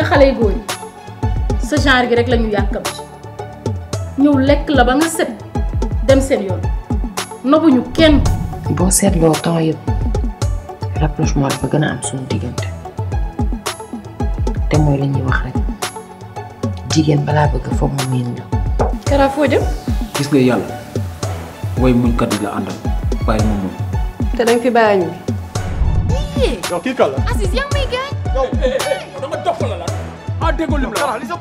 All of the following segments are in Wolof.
nga xalé goor sa genre gi rek lañu yakam ci ñew lek la ba nga set dem sen yoon nobuñu kenn. set lo temps yeb rapprochement dafa gën a am suñu digënté té moy lañuy wax rek jigéen bala bëgg fo mo min la. Kara fo jëm. gis nga yalla way muñ kat la andal bàyyi mo mo té dañ fi bàyyi Yo, kikala. Aziz yang megan. Yo, eh, eh, eh, nama la lah. xanaa ben yon la li sa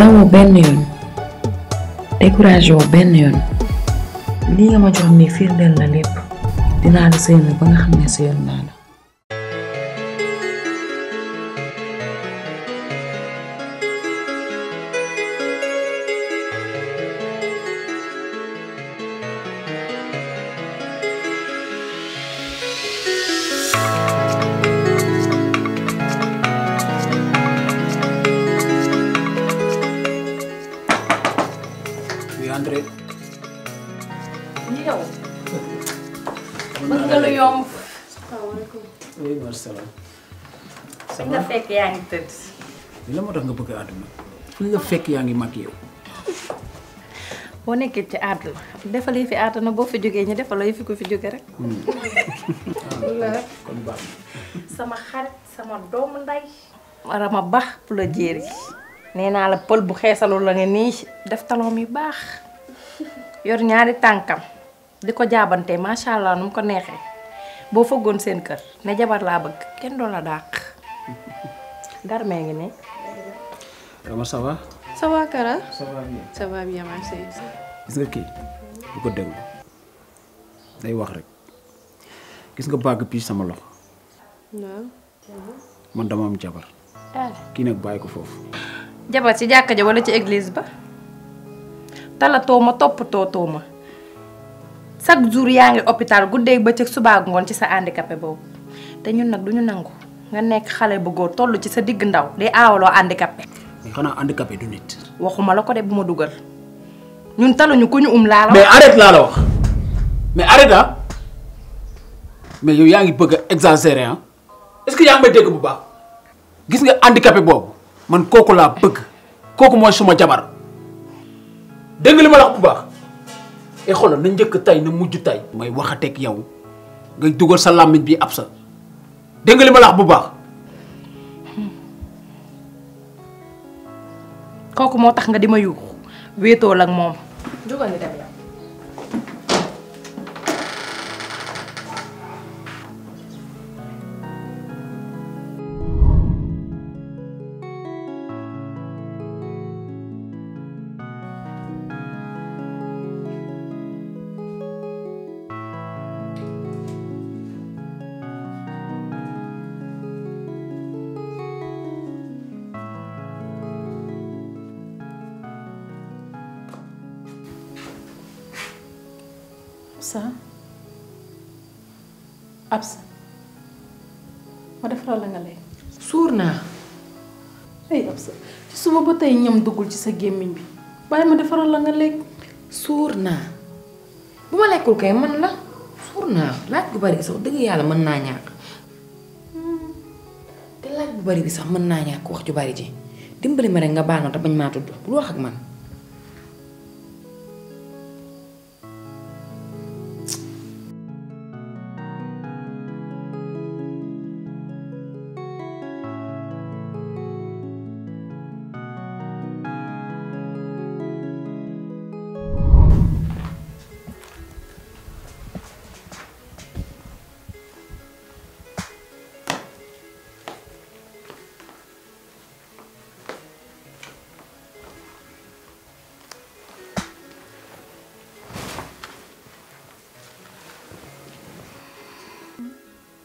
problème découragé woo benn yoon nga ma jox ni firndel la lépp dina la sëy ba nga xamne ne sëyoon la Andre, Iya. bëgg nga lu yomb. salaamaaleykum. oui fake ya, yang itu. nga fekk yaa ngi adem. Ini moo tax nga bëgg àdduna. fu nga fekk yaa fi hmm. ah, sama hari sama dom day. Mara mabah pulajiri. Nena ala pol bukhe salulang ini yor ñaari tankam di jabanté ma sha allah num ko nexé bo fogon sen kër né jabar la bëgg kenn do la dar ngi né ah, sawa sawa Kara. sawa bi sawa bi ma sey gis nga ki bu ko déglu day wax rek gis nga bag bi sama loxo. man dama am jabar. Ah. ki nak ko jabar ci jakka ja wala ci église ba. talatoo ma toppatoo too ma chaque jour yaa ngi hôpital ba bëccëg subaa ngoon ci sa handicapé boobu te ñun nag duñu nangu nga nekk xale bu góor toll ci sa diggu ndaw di aawaloo handicapé. xanaa handicapé du nit. waxuma la ko de bu ma dugal ñun taluñu ku ñu um laa la. la wax mais arrête ah. yaa ngi bëgg a ah. que yaa bu baax gis nga handicapé boobu man kooku laa bëgg kooku mooy suma jabar. dégg li ma la bu baax e xoolal na njëkk tay na mujj tay mooy waxateeg yow ngay dugal sa làmmiñ bi ab sa dégg li ma la bu baax. kooku moo tax nga di ma yuuxu wéetoo la moom. ci suba ba tey ñoom duggul ci sa gémmiñ bi bàyyi ma defaral la nga lekk suur naa bu ma lekkul kay man la suur naa laaj bu bari sax dëgg yàlla mën naa ñàkk te laaj bu bari bi sax mën naa ñàkk wax ju bari ji dimbali ma rek nga baal ma te bañ maa tudd bul wax ak man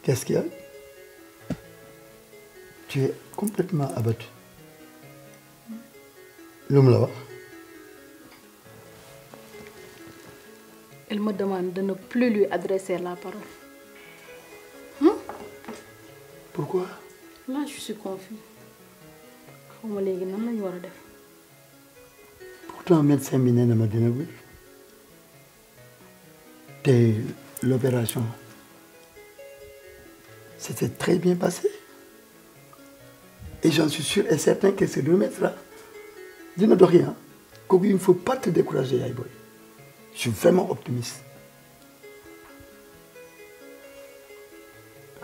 Qu'est-ce qu'il y a Tu es complètement abattu. L'homme là-bas Elle me demande de ne plus lui adresser la parole. Hein Pourquoi Là, je suis confus. Pourtant, un pourtant médecin mineur ne ma dit l'opération c'était très bien passé. Et j'en suis sûr et certain que deux maîtres là du ne rien. Il ne faut pas te décourager, boy. Je suis vraiment optimiste.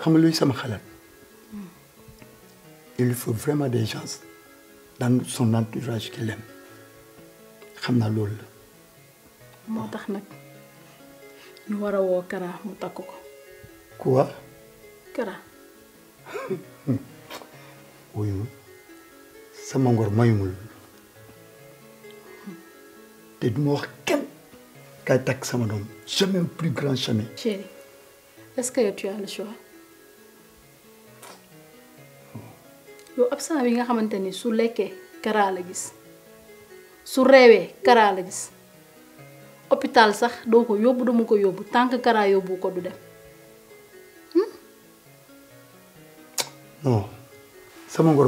Il faut vraiment des gens dans son entourage qu'il aime. Je sais quoi. Kara. wuyu sama ngor mayumul te duma wax kenn kay takk sama doom jamais plus grand jamais. chéri est-ce que tu as le choix. yow nga xamante ni su lekkee Kara la gis su reewee Kara la gis hôpital sax doo ko yóbbu dama ko yóbbu tant que Kara ko du dem. franchement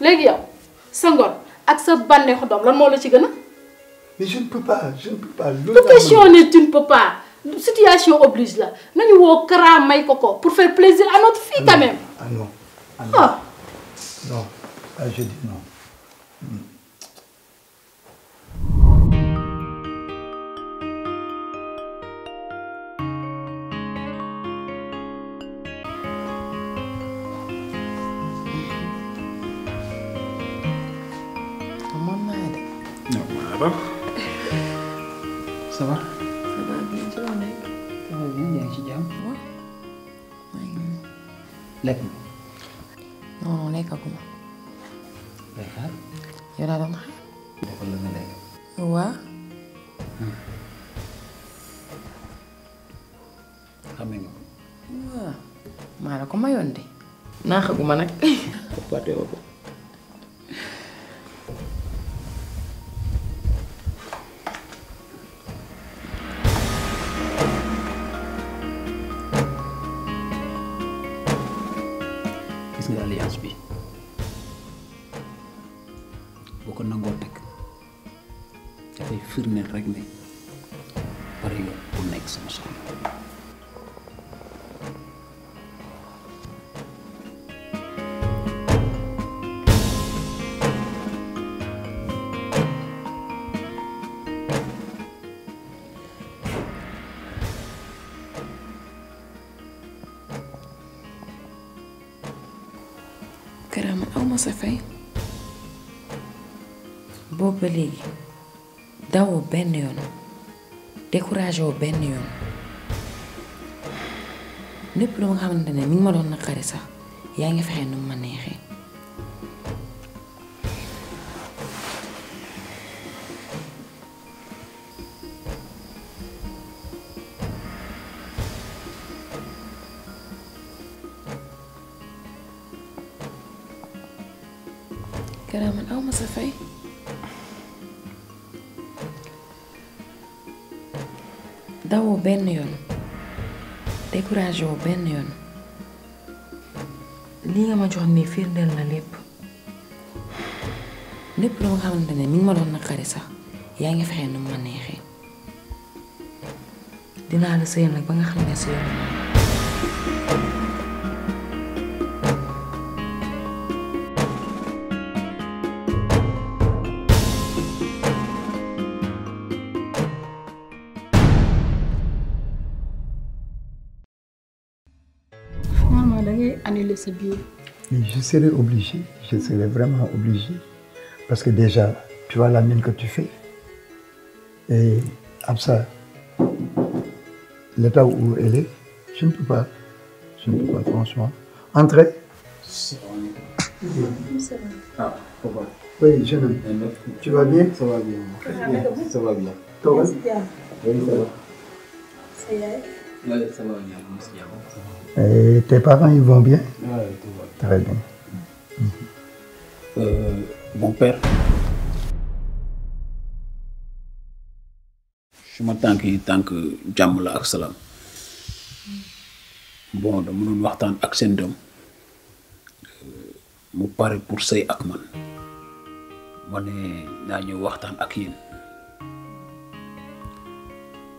mais je ne peux pas je ne peux pas. loolu question est, tu ne peux pas situation oblige là. nous woo Kara may pour faire plaisir à notre fille quand même. ah non ah non. ah non ah, je dis non. Hmm. yow laa doon xaar. defal waa. maa la ko mayoon de. naaxaguma nag. ma sa boobu ba léegi dawoo benn yoonu découragé woo benn yoon lépp lu nga xamante ne mi ma doon naqari sax yaa ngi fexe nu ma neexee découragé wu benn yoon li nga ma jox nii firndeel na lépp lépp loo xamante ne mi ngi ma doon naqari sax yaa ngi fexe nu ma neexee dinaa la sëyal nag ba nga xam ne sëyal Mais Je serais obligé, je serais vraiment obligé. Parce que déjà, tu vois la mine que tu fais. Et ça, l'état où elle est, je ne peux pas. Je ne peux pas, franchement. Entrez. Ah, oui, je ne. Tu vas bien Ça va bien. Ça va bien. Ça y est. Ouais, ça va bien, merci Et tes parents, ils vont bien Oui, tout va bien. Très bien. euh, mon père, je m'attends qu'il tant que jàmm la ak salaam bon dama doon waxtaan ak seen doom euh, mu pare pour sëy ak man ma ne naa ñëw waxtaan ak yéen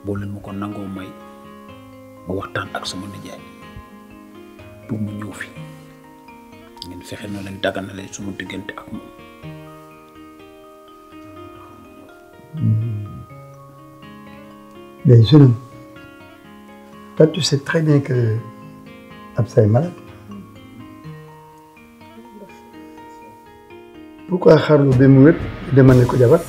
boo leen ma ko nangoo may ma waxtaan ak sama nijaay bu mu ñëw fi ngeen fexe na leen dagganalee suma diggante ak moom Mais jeune, toi tu sais très bien que Absa est malade. Pourquoi Harlou Bemouet demande le Kodabat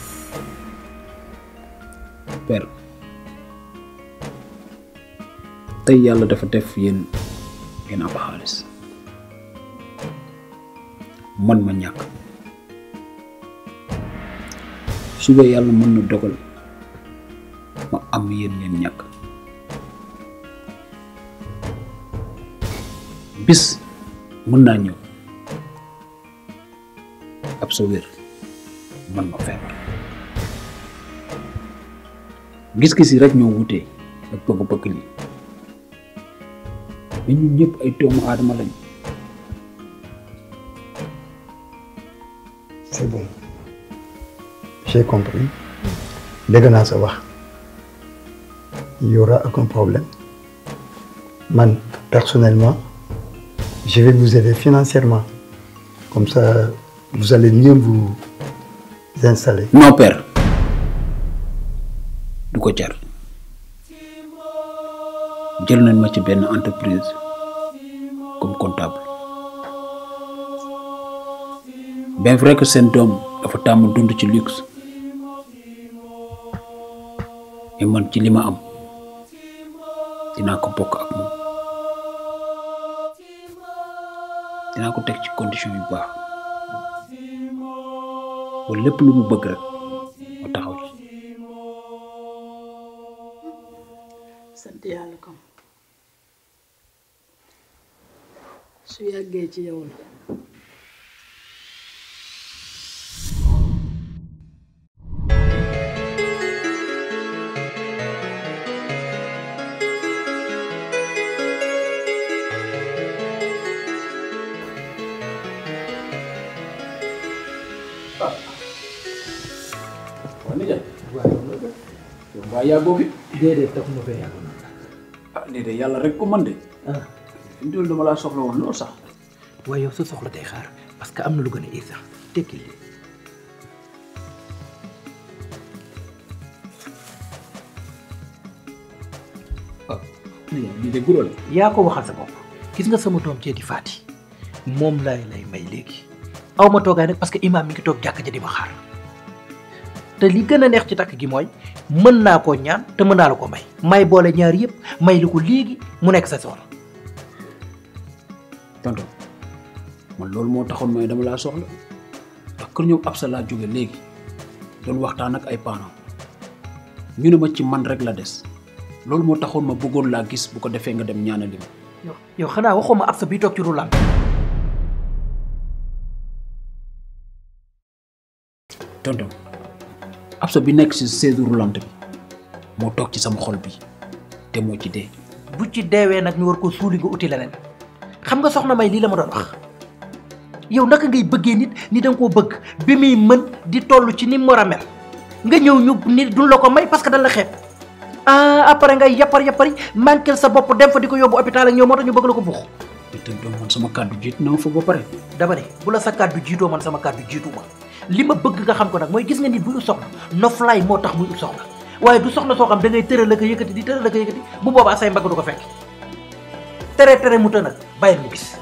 tay yalla dafa def yeen yeen ab xaalis man ma ñàkk suba yàlla mën na dogal ma am yeen ngeen ñàkk bis mën naa ñëw ab sa wér man ma feebar gis-gis yi rek ñoo wutee ak bëgg-bëgg lii c'est bon j'ai compris dégg naa sa wax il y aura aucun problème man personnellement je vais vous aider financièrement comme ça vous allez mieux vous installer. Mon père du côté. jël nañ ma ci benn entreprise comme comptable bien vrai que seen doom dafa tàmm dund ci luxe mais man ci lima am dinaa ko bokk ak moom dinaa ko teg ci condition yu baax ba lépp lu mu bëgg rek ma taxaw ci su yàggee ci yow la waaw yàggoo fi. déedéet taxuma fee yàgg. ah déedéet rek ko mën de. Ah. ndiwul dama la soxla won loolu sax way yow sa soxla tay xaar parce que amna lu gëna isa tekki li ah, ni de ya, gurol ya ko waxal sa bop gis nga sama doom ci fati mom lay lay may legi awma togay toogaay parce que imam mi ngi tok jakk ja di waxar te li gëna neex ci tak gi moy mën na ko ñaan te mën naa la ko may may boole ñaar yépp may li ko léegi mu nekk sa soxla tonton loolu moo taxoon mooy dama laa soxla ndax kër Absa laa jóge léegi doon waxtaan ak ay parents ñu ma ci man rek la des loolu moo taxoon ma bëggoon laa gis bu ko defee nga dem ñaanali ma. yow xanaa waxoo ma Absa bi toog ci rulaan. tonton Absa bi nekk ci seedu rulante bi moo toog ci sama xol bi te moo ci dee. bu ci deewee nag ñu war ko suuli nga uti leneen. xam nga soxna may li la ma doon wax yow naka ngay bëggee nit ni da nga bëgg bi muy mën di tollu ci ni mu war mel nga ñëw ñu ni duñ la ko may parce que dañ la xeeb ah après ngay yappar yappari manquel sa bopp dem fa diko yobbu hôpital ak ñoom moo tax ñu bëgg la ko buux te do man sama kàddu jitt na fa ba pare dama dé bu la sa kàddu jitto man sama kàddu jiitu ma lima bëgg nga xam ko nak moy gis nga nit bu ut soxna noflaay moo tax muy ut soxna waye du soxna so xam da ngay tëral la ko yëkëti di tëral la ko yëkëti bu boba say mbag du ko fekk tere tere mu tën a bàyyi mu bis.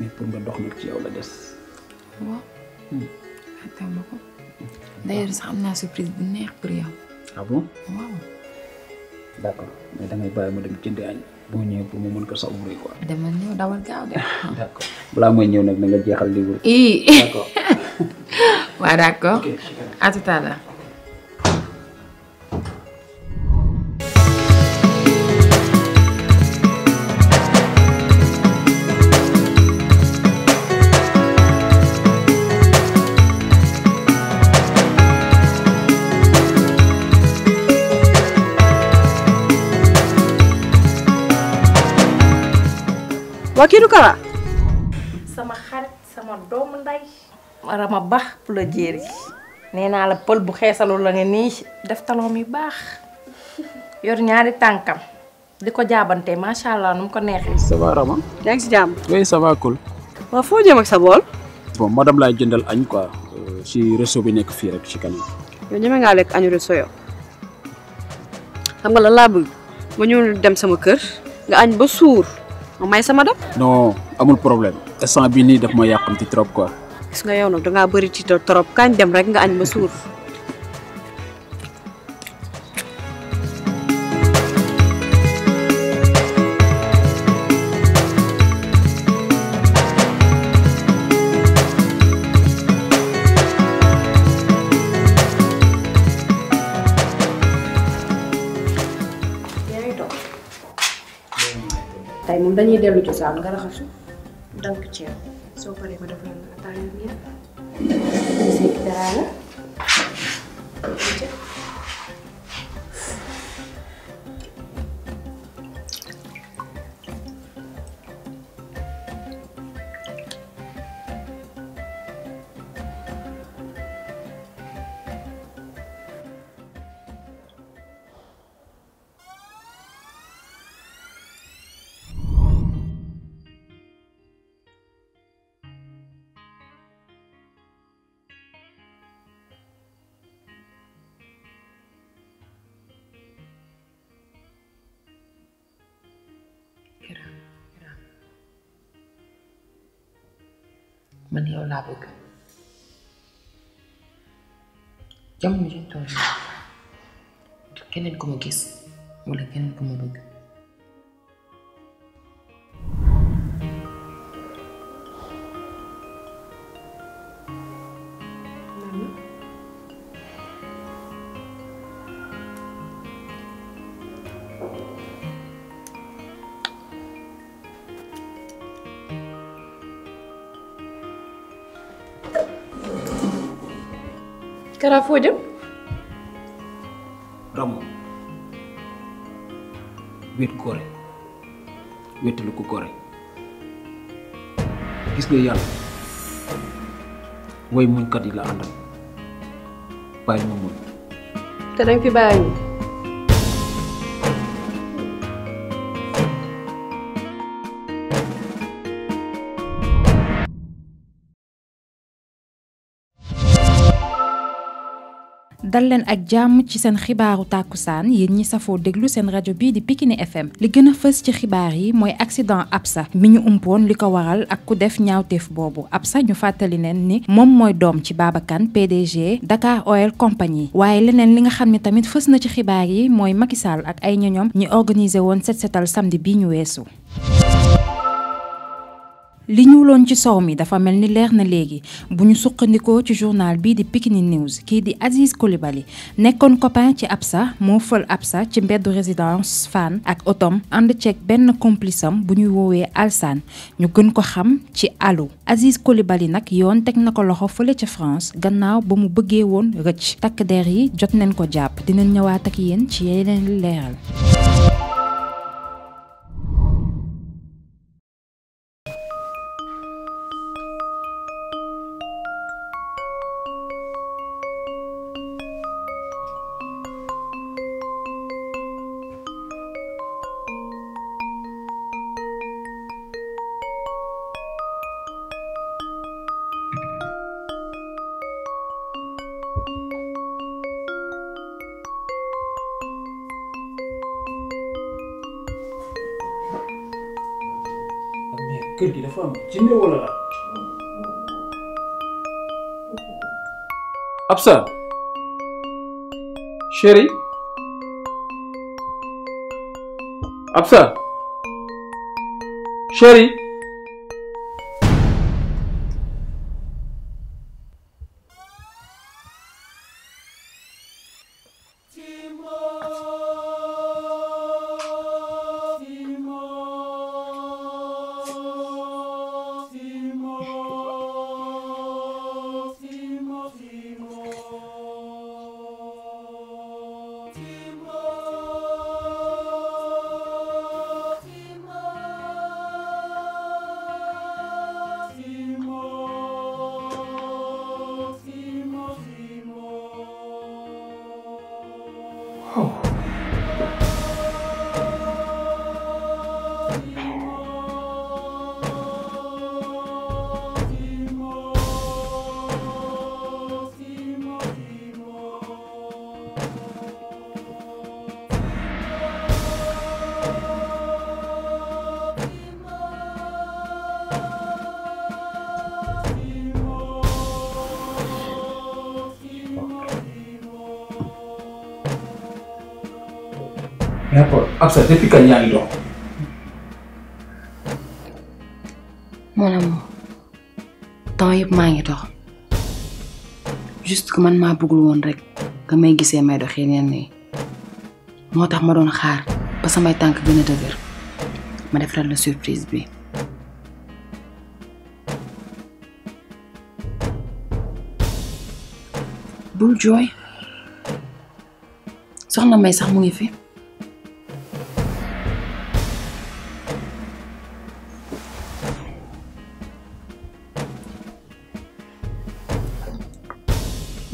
mais pour nga dox nag ci yow la des. waaw. xataa hmm. ma ko. Hmm. d'ailleurs sax am naa surprise bu neex pour yow. Ah ma dem jëndi añ. boo ñëwee pour mu mën ko savourer quoi. dama ñëw dawal gaaw de. d'accord balaa mooy ñëw nag na nga jeexal livre. d'accord. waa d'accord. à tout à l'heure. wakiru kala sama xarit sama doomu nday rama bax pou la jeri neena la pol bu xeesalul la nga ni def talon mi bax yor ñaari tankam di ko ma sha allah num ko neexee. ça va Rama. yaa ngi si jàmm. oui ça va cool. waaw jëm ak sa bol bon madame lay jëndal agn quoi euh, si resso bi nek fi rek ci kanam. yo ñeme nga lek agn resso yo xam nga la la bëgg ma ñu dem sama kër nga agn ba sour may sama dom non amul problem. Esang bi ni daf ma yakamti trop quoi gis nga yow nak da nga bari ci trop kañ dem rek yooyu cosaan nga raxasu dank ceeb soo paree ma def la man yow laa bëgg jamono ji ñu toll keneen ku gis wala keneen ku ma bëgg. Karafodim? Ramo wet gore wetalu ko gore gis nga yàlla way muñ kat yi la àndal bàyyi ma muñ te danga fi bàyyi dal leen ak jàmm ci seen xibaaru tàkkusaan yéen ñi safoo déglu seen rajo bii di Pikini FM li gën a fës ci xibaar yi mooy accident sax mi ñu umpoon li ko waral ak ku def ñaawteef boobu sax ñu fàttali leen ni moom mooy doom ci Baba Kane PDG Dakar Oil Company waaye leneen li nga xam ne tamit fës na ci xibaar yi mooy Macky ak ay ñoñom ñi organiser woon set setal samedi bi ñu weesu li ñuuloon ci sow mi dafa mel ni leer na léegi bu ñu suqandikoo ci journal bii di Pikini News kii di Aziz kolibali nekkoon copain ci ab sax moo fël sax ci mbeddu résidence Fann ak otom ànd ceeg benn complice bu ñuy woowee Alsaan ñu gën ko xam ci Alou Aziz Coulibaly nag yoon teg na ko loxo fële ca France gannaaw ba mu bëggee woon rëcc takk der yi jot nañ ko jàpp dinañ ñëwaat ak yenn ci yeneen leeral kër gi dafa am jinne wala la Absa chéri Absa chéri N'importe. Absa, depuis quand Mon amour, temps yëpp maa ngi dox juste que man bëggul rek que may gisee may doxee neen nii moo ma doon xaar ba samay tànk a ma def la surprise bi bul jooy soxna may sax mu ngi fi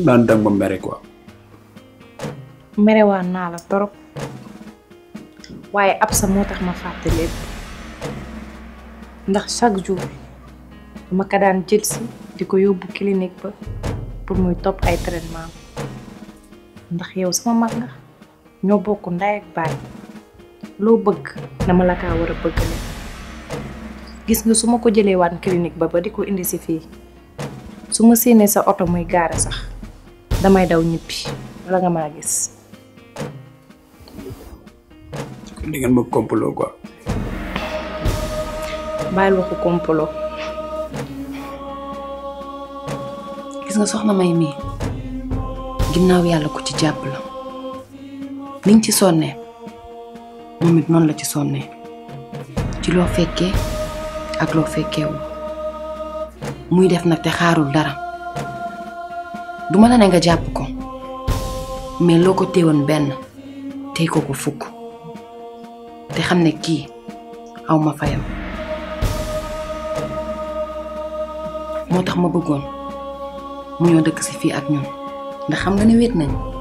naan danga ma mere merewaan naa la torop waaye Absa moo tax ma fàtte lépp ndax chaque jour dama ko daan jël si di ko yóbbu kilinik ba pour muy topp ay traitement ndax yow sama mag nga ñoo bokk ndaay ak baay loo bëgg dama la kaa war a bëgg ne gis nga su ma ko jëlee waan clinique ba ba di ko indi si fii su ma séenee sa oto muy gaare sax damay daw ñibbi wala nga maa gis. kon di ngeen ma complot quoi. bàyyil waxu complot. gis nga soxna May mii ginnaaw yàlla ko ci jàpp la ni ci sonnee moom it noonu la ci sonnee ci loo fekkee ak loo fekkeewu muy def nag te xaarul dara. duma la ne nga jàpp ko mais loo ko téewoon benn téy ko ko fukk te xam ne kii awma fayam moo tax ma bëggoon mu ñoo dëkk si fii ak ñun ndax xam nga ne wéet nañ